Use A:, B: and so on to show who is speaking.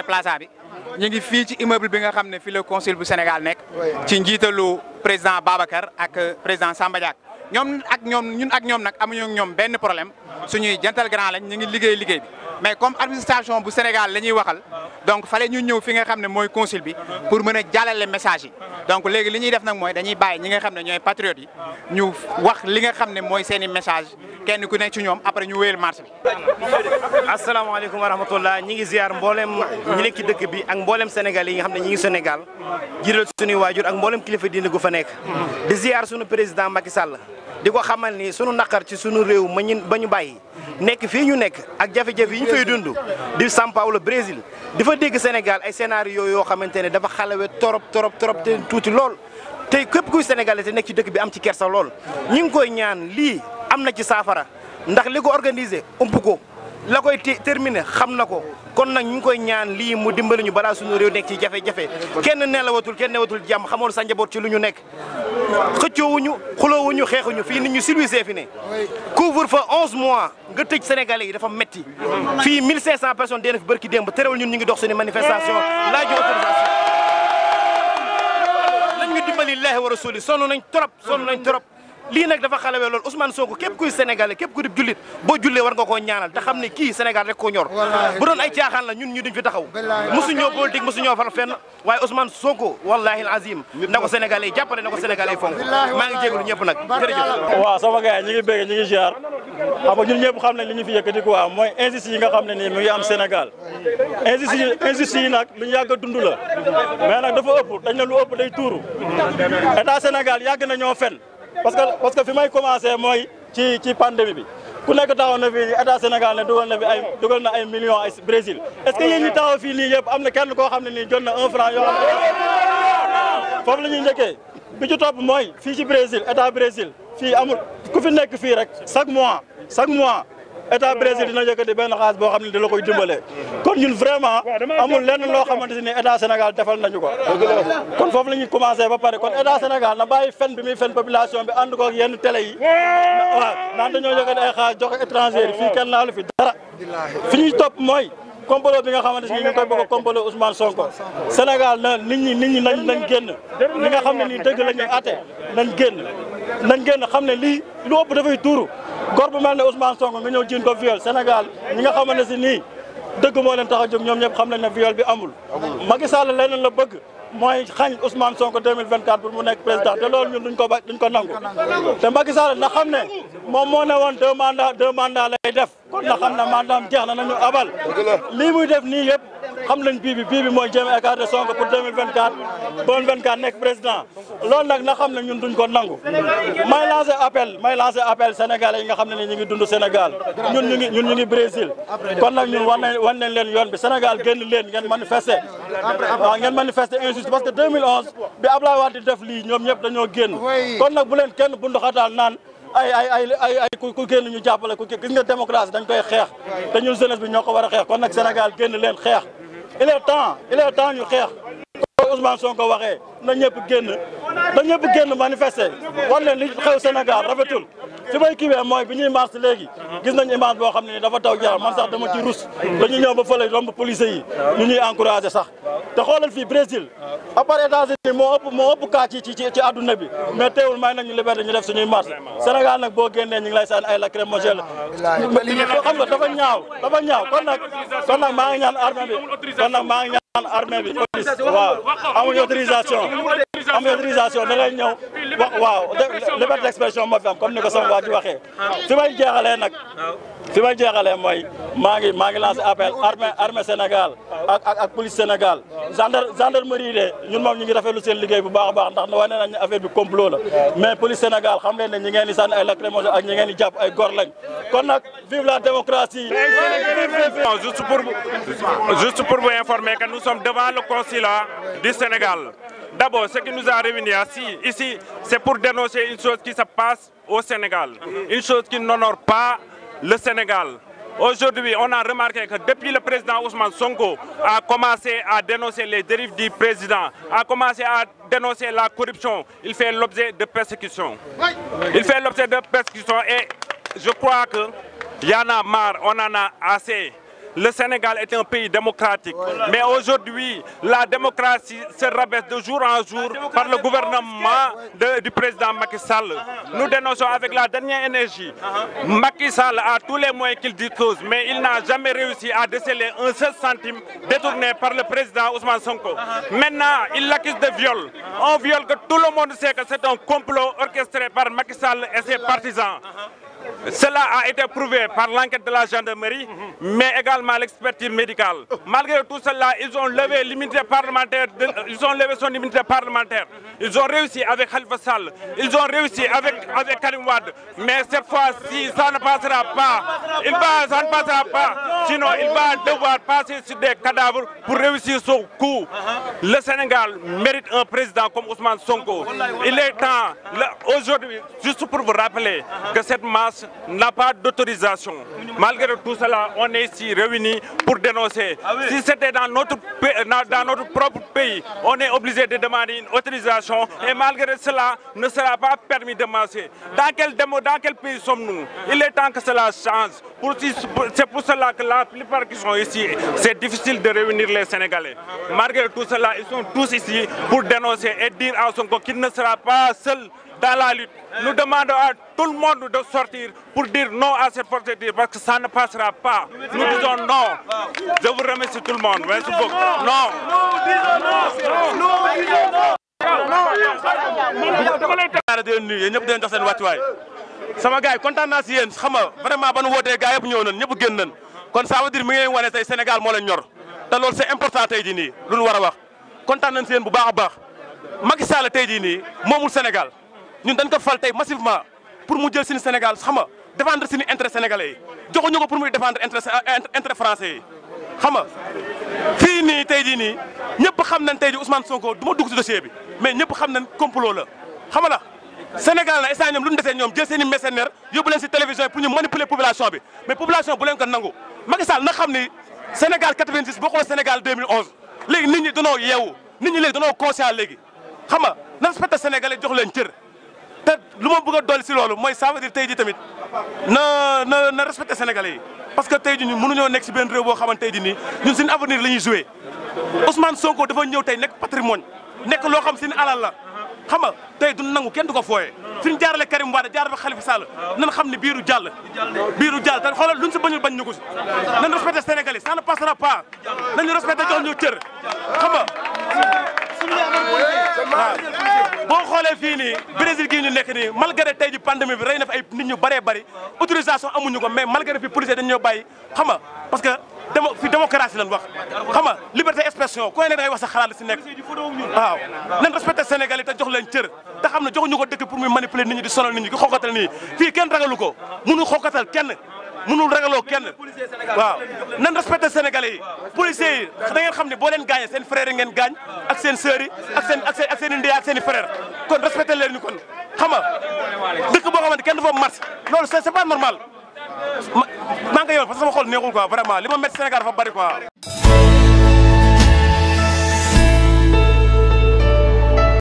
A: mooy plaza bi ñu ngi fii ci immeuble bi nga xam ne fii la consul bu Sénégal nekk ci njiitalu président Babacar ak président Samba Diack ñoom ak ñoom ñun ak ñoom nag amuñu ñoom benn problème suñuy jantal grand lañ ñu ngi liggéey liggéey bi mais comme administration bu Sénégal la ñuy waxal donc fale ñu ñëw fi nga xam ne mooy consul bi pour mën a jàllale message yi donc léegi li ñuy def nag mooy dañuy bàyyi ñi nga xam ne ñooy patriotes yi ñu wax li nga xam ne mooy seeni i message kenn ku nekk ci ñoom après ñu wéyal marche bi. asalaamaaleykum wa rahmatullah ñi ngi ziar mboolem ñi nekk ci dëkk bi ak mboolem Sénégal yi nga xam ne ñi ngi Sénégal jiital suñuy waajur ak mboolem kilifa diine gu fa nekk suñu président Macky Sall di ko xamal ni sunu naqar ci sunu réew ma ñu ba ñu bàyyi nekk fii ñu nekk ak jafe-jafe yi ñu fay dund di São Paulo Brésil di fa dégg Sénégal ay scénario yoo xamante ne dafa xalawe torop torop torop te tuuti lool tey képp kuy sénégalais te nekk ci dëkk bi am ci kersa lool ñu ngi koy ñaan lii am na ci saafara ndax li ko organisé ëmp ko la koy terminé xam na ko kon nag ñu ngi koy ñaan lii mu dimbali ñu balaa suñu réew nekk ci jafe-jafe kenn la nelawatul kenn nelawatul jàmm xamoon sa njaboot ci lu ñu nekk xëccoowuñu xuloowuñu xeexuñu fii nit ñu civilisé fi ne couvre-feu 11 mois nga tëj sénégalais yi dafa metti fii 1500 personnes dee na fi bërki démb terewul ñun ñu ngi dox suñu manifestation laaju autorisation lañ ñu dimbali laahi wa rasuli sonn nañ trop sonn nañ trop lii nag dafa xalawee loolu Ousmane Sonko képp kuy sénégalais képp ku di jullit boo jullee war nga koo ñaanal te xam ne kii Sénégal rek ko ñor bu doon ay caaxaan la ñun ñu duñ fi taxaw mosuñoo politique mosuñoo far fenn waaye Ousmane Sonko wallahi azim na ko sénégalais yi jàppale na ko sénégalais yi fonk
B: maa ngi jégalu
C: ñëpp nag jërëjëf waaw
A: sama gars yi
C: mooy injustice yi nga xam ne nii mu ngi am Sénégal nag a dund la mais nag dafa ëpp dañ ne lu ëpp day tuuru état Sénégal yàgg na ñoo fen parce que parce que fi may commencé mooy ci ci pandémie bi ku nekk taxaw na fii état Sénégal ne dugal na fi ay dugal na Brésil est que yéen ñi taxaw fii nii yëpp am na kenn koo xam ne nii jot na un franc yoo xam la ñuy njëkkee bi ci topp mooy fii ci Brésil état Brésil fii amul ku fi nekk fii rek chaque mois chaque mois état Brésil dina yëkkati benn xaalis boo xam ne dala koy dimbalee mm-hmm. kon ñun vraiment amul lenn loo xamante ne état Sénégal defal nañu ko kon foofu la ñuy commencé ba pare kon état Sénégal na bàyyi fen bi muy fen population bi ànd ko ak yenn télé yi
D: waaw naan dañoo
C: yëkkati ay xaalis jox étranger yi fii kenn laalu fi dara fi ñuy topp mooy complot bi nga xamante ni ñu ngi koy bëgg a complot Ousmane Sonko Sénégal na nit ñi nit ñi nañ nañ génn li nga xam ne nii dëgg la ñuy àtte nañ génn nañ génn xam ne lii lu ëpp dafay gor bu mel ne Ousmane Sonko nga ñëw jiin ko viol Sénégal ñi nga xamante si nii dëgg leen tax a jóg ñoom ñëpp xam nañ ne viol bi amul Macky Sall leneen la bëgg mooy xañ Ousmane Sonko 2024 pour mu nekk président te loolu ñun duñ ko ba duñ ko nangu te Macky Sall na xam ne moom moo ne woon deux mandats deux mandats lay def na xam ne mandatam jeex na nañu abal lii muy def nii yëpp xam nañ bii bi bii bi mooy jéem a écarté Sonko pour 2024 2024 nekk président loolu nag na xam ne ñun duñ ko nangu may lancé appel may lancé appel sénégalais yi nga xam ne ni ñu ngi dund Sénégal ñun ñu ngi ñun ñu ngi Brésil kon nag ñun wan nañ wan nañ leen yoon bi Sénégal génn leen ngeen manifesté waaw ngeen manifesté injuste parce que 2011 bi Ablaye Wade di def lii ñoom ñëpp dañoo génn kon nag bu leen kenn bundu xataal naan ay ay ay ay ay ku génn ñu jàppale ku gis nga démocratie dañ koy xeex te ñun jeunesse bi ñoo ko war a xeex kon nag Sénégal génn leen xeex il est temps il est temps ñu xeex. comme Ousmane ko waxee na ñëpp génn na ñëpp génn manifester war leen li xew Sénégal rafetul. si may kiiwee mooy bi ñuy marche léegi gis nañ image boo xam ne ni dafa taw jaram man sax dama ci rus dañu ñëw ba fële romb police yi ñu ñuy encouragé sax te xoolal fii Brésil à part États-Unis moo ëpp moo ëpp kaa ci ci ci àdduna bi mais teewul may nañu liberté ñu def suñuy marche Sénégal nag boo génnee ñu ngi lay saan ay lacrymogène xam nga dafa ñaaw dafa ñaaw kon nag kon nag maa ngi ñaan armée bi kon nag maa ngi ñaan armée bi police waaw amuñu autorisation am autorisation da ngay ñëw wax waaw liberté d'expression moo fi am comme ni ko sama waa ji waxee ah. fi may jeexalee nag fi may jeexalee mooy maa ngi maa ngi lancé appel armée armée Sénégal ak ak ak police Sénégal gendar gendarmerie de ñun moom ñu ngi rafetlu seen liggéey bu baax a baax ndax ne wane nañ affaire bi complot la mais police Sénégal xam leen ne ñi ngeen di sànni ay lacrymogène ak ñi ngeen di jàpp ay gor
B: lañ kon nag vive la démocratie juste pour vous informer que nous sommes devant le consulat du Sénégal D'abord, ce qui nous a réunis ici, c'est pour dénoncer une chose qui se passe au Sénégal, une chose qui n'honore pas le Sénégal. Aujourd'hui, on a remarqué que depuis le président Ousmane Sonko a commencé à dénoncer les dérives du président, a commencé à dénoncer la corruption, il fait l'objet de persécutions. Il et je crois que y en on a assez. Le Sénégal est un pays démocratique. Mais aujourd'hui, la démocratie se rabaisse de jour en jour par le gouvernement de, du président Macky Sall. Ah, ah, ah. Nous dénonçons avec la dernière énergie. Macky Sall a tous les moyens qu'il dispose, mais il n'a jamais réussi à déceler un seul centime détourné par le président Ousmane Sonko. Maintenant, il l'accuse de viol. Un viol que tout le monde sait que c'est un complot orchestré par Macky Sall et ses partisans. Cela a été prouvé par l'enquête de la gendarmerie, mais également l'expertise médicale. Malgré tout cela, ils ont levé son immunité parlementaire. Ils ont réussi avec Khalifa ils ont réussi avec, avec Mais cette fois-ci, ça ne passera pas. Sinon, il va devoir passer sur des pour réussir son coup. Le Sénégal mérite un président comme Ousmane Sonko. Il est temps, aujourd'hui, juste pour vous rappeler que cette masse n'a pas d'autorisation. Malgré tout cela, on est ici réunis pour dénoncer. Ah oui. Si c'était dans notre, euh, propre pays, on est obligé de demander une autorisation ah. et malgré cela, ne sera pas permis de marcher. Dans dans quel pays sommes-nous Il est temps que cela change. C'est pour cela que la plupart qui sont ici, c'est difficile de réunir les Sénégalais. Malgré tout cela, ils sont tous ici pour dénoncer et dire à Sonko qu'il ne sera pas seul dans la lutte. Nous demandons à tout le monde de sortir pour dire non à cette force de parce que ça ne passera pas. Nous disons non. Je vous remercie tout le monde. Merci beaucoup. Non.
D: Nous disons non. sama gars yi kontaan naa si yéen xam nga vraiment ba nu wootee gars yëpp ñëw nañ ñëpp génn nañ kon ça veut dire mi wane tey moo leen ñor te loolu c'est important tey jii nii lu ñu war a wax kontaan nañ si yéen bu baax a baax Macky Sall tey jii nii moomul Sénégal ñun dañ ko fal tey massivement pour mu jël suñu Sénégal xam nga défendre suñu intérêt sénégalais yi joxuñu ko pour muy défendre intérêt euh, français yi xam nga fii nii tey jii nii ñëpp xam nañ tey jii Ousmane Sonko du ma dugg si dossier bi mais ñëpp xam nañ complot la Sénégal na instant ñoom lu ñu desee ñoom jël seen i mercenaires yóbbu leen si télévision pour ñu manipuler population bi mais population bu leen ko nangu Macky Sall na xam ni Sénégal 86 boo xoolee Sénégal 2011 léegi nit ñi danoo yeewu nit ñi léegi danoo conscient léegi xam nga na respecté Sénégalais jox leen cër te lu ma bëgg dol si loolu mooy ça tey ji tamit na na na respecté Sénégalais yi parce que tey ji ñun mënuñoo nekk si benn réew boo xamante tey ji nii ñun suñu avenir la ñuy joué Ousmane Sonko dafa ñëw tey nekk patrimoine nekk loo xam suñu alal la xam nga tey du nangu kenn du ko fooyee suñ jaarale Karim Wade jaarale Khalifa Sall nan xam ne biiru jàll biiru jàll te xoolal luñ si bañul bañ ñu ko si nan respecté Sénégalais ça ne passera pas nañu respecté jox ñu cër xam nga waaw boo xoolee fii nii Brésil gii ñu nekk nii malgré tey ji pandémie bi rey na fi ay nit ñu bëree bëri autorisation amuñu ko mais malgré fi policier dañu ñoo bàyyi xam nga parce que fi démocratie lañ wax xam liberté expression ku ne dangay wax sa xalaat si nekk waaw nañ respecté Sénégal yi jox leen cër te xam ne joxuñu ko dëkk pour muy manipuler nit ñi di sonal nit ñi di xookatal nii fii kenn ragalu ko mënu xookatal kenn mënul ragaloo kenn waaw nan respecté sénégalais yi policiers yi da ngeen xam ne boo leen gaañee seen frères yi ngeen gaañ ak seen sœurs yi ak seen ak seen ak ak seen i kon respecté leen ñu kon xam nga dëkk boo xamante kenn du fa marche loolu c'est pas normal ma maa ngi koy yow parce que sama xol neexul quoi vraiment li ma métti Sénégal dafa bari quoi